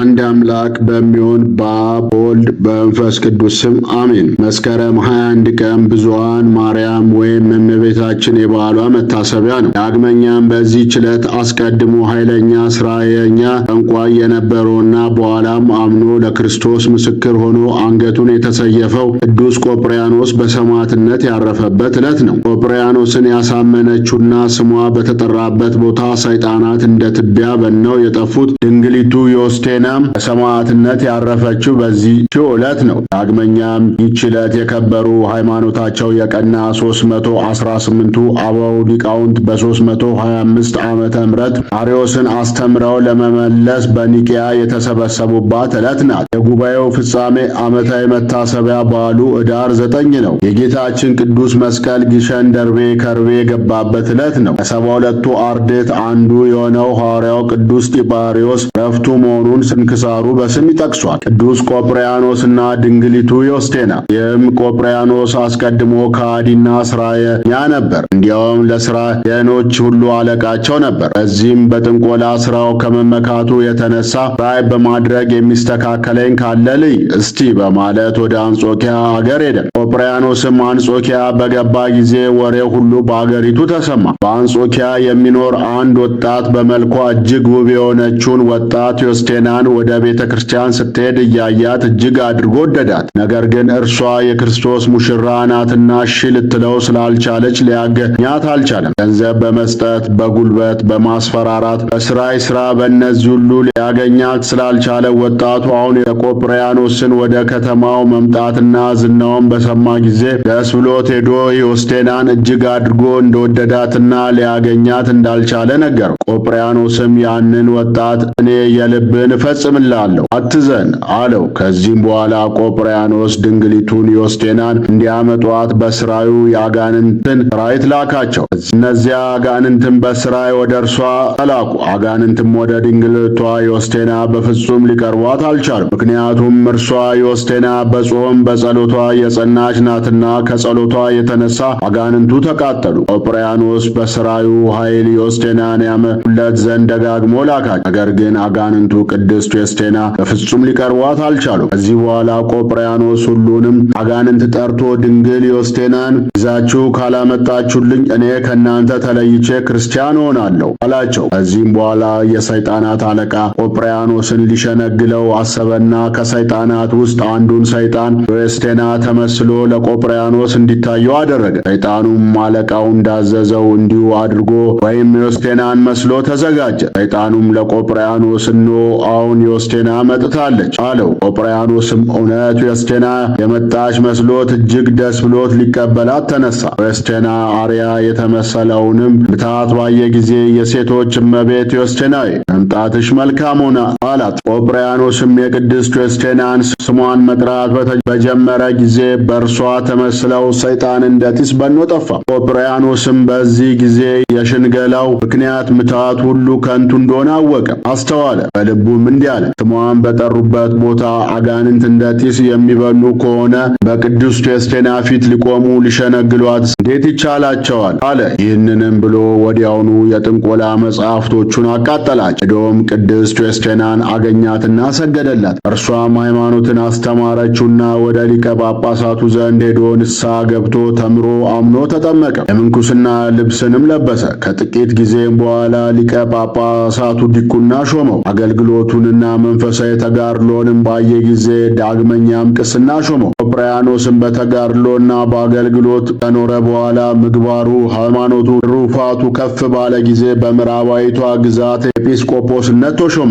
አንድ አምላክ በሚሆን በአብ በወልድ በመንፈስ ቅዱስ ስም አሜን። መስከረም 21 ቀን ብዙኃን ማርያም ወይም እመቤታችን የበዓሏ መታሰቢያ ነው። ዳግመኛም በዚህ ችለት አስቀድሞ ኃይለኛ ስራየኛ ጠንቋይ የነበረውና በኋላም አምኖ ለክርስቶስ ምስክር ሆኖ አንገቱን የተሰየፈው ቅዱስ ቆጵሪያኖስ በሰማዕትነት ያረፈበት ዕለት ነው። ቆጵሪያኖስን ያሳመነችውና ስሟ በተጠራበት ቦታ ሰይጣናት እንደ ትቢያ በነው የጠፉት ድንግሊቱ ዮስቴና እና በሰማዕትነት ያረፈችው በዚህ ዕለት ነው። ዳግመኛም ይህች ዕለት የከበሩ ሃይማኖታቸው የቀና 318ቱ አበው ሊቃውንት በ325 ዓመተ ምሕረት አርዮስን አስተምረው ለመመለስ በኒቅያ የተሰበሰቡባት ዕለት ናት። የጉባኤው ፍጻሜ ዓመታዊ መታሰቢያ በዓሉ ኅዳር ዘጠኝ ነው። የጌታችን ቅዱስ መስቀል ግሸን ደርቤ ከርቤ የገባበት ዕለት ነው። ከሰባ ሁለቱ አርድእት አንዱ የሆነው ሐዋርያው ቅዱስ ጢባርዮስ ረፍቱ መሆኑን ስንክሳሩ በስም ይጠቅሷል። ቅዱስ ቆጵርያኖስና ድንግሊቱ ዮስቴና። ይህም ቆጵሪያኖስ አስቀድሞ ከሃዲና ስራየኛ ነበር። እንዲያውም ለስራየኖች ሁሉ አለቃቸው ነበር። በዚህም በጥንቆላ ስራው ከመመካቱ የተነሳ ራይ በማድረግ የሚስተካከለኝ ካለ ልይ እስቲ በማለት ወደ አንጾኪያ አገር ሄደ። ቆጵሪያኖስም አንጾኪያ በገባ ጊዜ ወሬ ሁሉ በአገሪቱ ተሰማ። በአንጾኪያ የሚኖር አንድ ወጣት በመልኳ እጅግ ውብ የሆነችውን ወጣት ዮስቴናን ቃል ወደ ቤተ ክርስቲያን ስትሄድ እያያት እጅግ አድርጎ ወደዳት። ነገር ግን እርሷ የክርስቶስ ሙሽራ ናትና እሺ ልትለው ስላልቻለች ሊያገኛት አልቻለም። ገንዘብ በመስጠት በጉልበት በማስፈራራት በስራይ ስራ በእነዚህ ሁሉ ሊያገኛት ስላልቻለ ወጣቱ አሁን የቆጵርያኖስን ወደ ከተማው መምጣትና ዝናውን በሰማ ጊዜ ደስ ብሎት ሄዶ ዮስቴናን እጅግ አድርጎ እንደወደዳትና ሊያገኛት እንዳልቻለ ነገረው። ቆጵርያኖስም ያንን ወጣት እኔ የልብን እፈጽምልሃለሁ፣ አትዘን አለው። ከዚህም በኋላ ቆጵርያኖስ ድንግሊቱን ዮስቴናን እንዲያመጧት በስራዩ የአጋንንትን ራይት ላካቸው። እነዚያ አጋንንትን በስራይ ወደ እርሷ ተላኩ። አጋንንትም ወደ ድንግልቷ ዮስቴና በፍጹም ሊቀርቧት አልቻሉም። ምክንያቱም እርሷ ዮስቴና በጾም በጸሎቷ የጸናች ናትና ከጸሎቷ የተነሳ አጋንንቱ ተቃጠሉ። ቆጵርያኖስ በስራዩ ኃይል ዮስቴናን ያመጡለት ዘንድ ደጋግሞ ላካቸው። ነገር ግን አጋንንቱ ቅድስ ዮስጢዮስ ቴና በፍጹም ሊቀርቧት አልቻሉም። ከዚህ በኋላ ቆጵርያኖስ ሁሉንም አጋንንት ጠርቶ ድንግል ዮስቴናን ይዛችሁ ካላመጣችሁልኝ እኔ ከእናንተ ተለይቼ ክርስቲያን ሆናለሁ አላቸው። ከዚህም በኋላ የሰይጣናት አለቃ ቆጵርያኖስን ሊሸነግለው አሰበና ከሰይጣናት ውስጥ አንዱን ሰይጣን ዮስቴና ተመስሎ ለቆጵርያኖስ እንዲታየው አደረገ። ሰይጣኑም አለቃው እንዳዘዘው እንዲሁ አድርጎ ወይም ዮስቴናን መስሎ ተዘጋጀ። ሰይጣኑም ለቆጵርያኖስ እነሆ አዎ ባሪያውን ዮስቴና መጥታለች አለው። ኦጵራያኖስም እውነት ዮስቴና የመጣች መስሎት እጅግ ደስ ብሎት ሊቀበላት ተነሳ። ዮስቴና አርያ የተመሰለውንም ብታት ባየ ጊዜ የሴቶች እመቤት ዮስቴናዊ መምጣትሽ መልካም ሆነ አላት። ኦጵራያኖስም የቅድስት ዮስቴናን ስሟን መጥራት በጀመረ ጊዜ በእርሷ ተመስለው ሰይጣን እንደ ጢስ በኖ ጠፋ። ኦጵራያኖስም በዚህ ጊዜ የሽንገላው ምክንያት ምታት ሁሉ ከንቱ እንደሆነ አወቀ፣ አስተዋለ። በልቡ ምን እንዲህ አለ፣ ስሟን በጠሩበት ቦታ አጋንንት እንደ ጢስ የሚበኑ ከሆነ በቅዱስ ቴስቴና ፊት ሊቆሙ ሊሸነግሏት እንዴት ይቻላቸዋል? አለ። ይህንንም ብሎ ወዲያውኑ የጥንቆላ መጽሐፍቶቹን አቃጠላች። ሄዶም ቅድስት ቴስቴናን አገኛትና ሰገደላት። እርሷም ሃይማኖትን አስተማረችውና ወደ ሊቀ ጳጳሳቱ ዘንድ ሄዶ ንስሐ ገብቶ ተምሮ አምኖ ተጠመቀ። የምንኩስና ልብስንም ለበሰ። ከጥቂት ጊዜም በኋላ ሊቀ ጳጳሳቱ ዲቁና ሾመው። አገልግሎቱን ሥራውንና መንፈሳዊ ተጋድሎንም ባየ ጊዜ ዳግመኛም ቅስና ሾመው። ጵጵርያኖስም በተጋድሎና በአገልግሎት ከኖረ በኋላ ምግባሩ፣ ሃይማኖቱ፣ ሩፋቱ ከፍ ባለ ጊዜ በምዕራባዊቷ ግዛት ኤጲስቆጶስነት ተሾመ።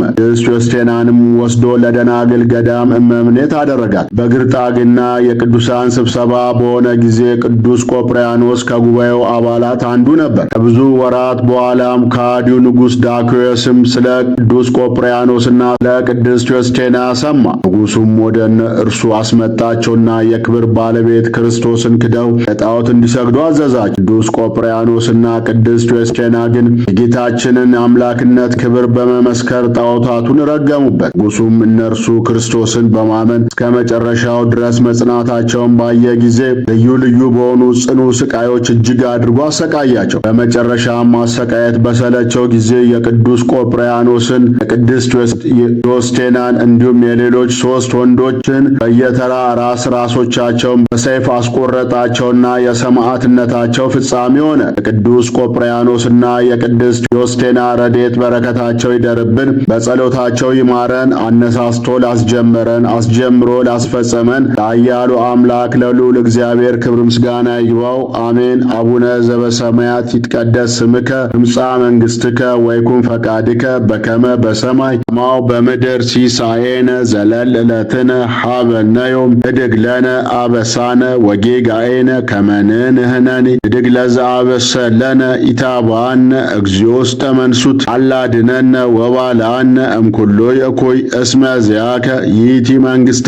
ዮስቴናንም ወስዶ ለደናግል ገዳም እመምኔት አደረጋት። በግርጣግና የቅዱሳን ስብሰባ በሆነ ጊዜ ቅዱስ ቆጵርያኖስ ከጉባኤው አባላት አንዱ ነበር። ከብዙ ወራት በኋላም ከሃዲው ንጉሥ ዳክዮስም ስለ ቅዱስ ቆጵርያኖስና ለቅድስት ጆስቴና ሰማ። ንጉሱም ወደ እርሱ አስመጣቸውና የክብር ባለቤት ክርስቶስን ክደው ለጣዖት እንዲሰግዱ አዘዛቸው። ቅዱስ ቆጵሪያኖስና ቅድስት ጆስቴና ግን የጌታችንን አምላክነት ክብር በመመስከር ጣዖታቱን ረገሙበት። ንጉሱም እነርሱ ክርስቶስን በማመን እስከ መጨረሻው ድረስ መጽናታቸውን ባየ ጊዜ ልዩ ልዩ በሆኑ ጽኑ ስቃዮች እጅግ አድርጎ አሰቃያቸው። በመጨረሻም ማሰቃየት በሰለቸው ጊዜ የቅዱስ ቆጵርያኖስን የቅድስት ዮስቴናን እንዲሁም የሌሎች ሶስት ወንዶችን በየተራ ራስ ራሶቻቸውን በሰይፍ አስቆረጣቸውና የሰማዕትነታቸው ፍጻሜ ሆነ። የቅዱስ ቆጵርያኖስና የቅድስት ዮስቴና ረዴት በረከታቸው ይደርብን፣ በጸሎታቸው ይማረን። አነሳስቶ ላስጀመረን አስጀምሮ ላስፈጸመን ለአያሉ አምላክ ለልዑል እግዚአብሔር ክብር ምስጋና ይግባው። አሜን። አቡነ ዘበሰማያት ይትቀደስ ስምከ ትምጻእ መንግስትከ ወይኩን ፈቃድከ በከመ በሰማይ ማው በምድር ሲሳየነ ዘለል ዕለትነ ሀበነዮም እድግለነ አበሳነ ወጌጋኤነ ከመንንህነኒ እድግለዘ አበሰለነ ኢታባነ እግዚኦስተ መንሱት አላድነነ ወባልአነ እምኩሎ የእኮይ እስመ ዚያከ ይእቲ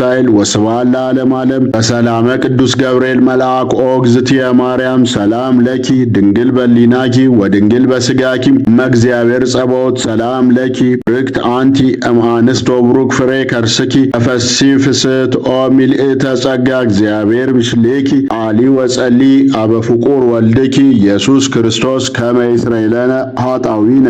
ኃይል ወስብሐት ለዓለመ ዓለም በሰላመ ቅዱስ ገብርኤል መልአክ ኦ እግዝእትየ ማርያም ሰላም ለኪ ድንግል በሊናኪ ወድንግል በስጋኪ እመ እግዚአብሔር ጸባዖት ሰላም ለኪ ብርክት አንቲ እምሃንስት ቡሩክ ፍሬ ከርስኪ ተፈሲ ፍስት ኦ ሚልእተ ጸጋ እግዚአብሔር ብሽሌኪ አሊ ወጸሊ አበፍቁር ወልድኪ ኢየሱስ ክርስቶስ ከመ ይስረይ ለነ ኃጣውኢነ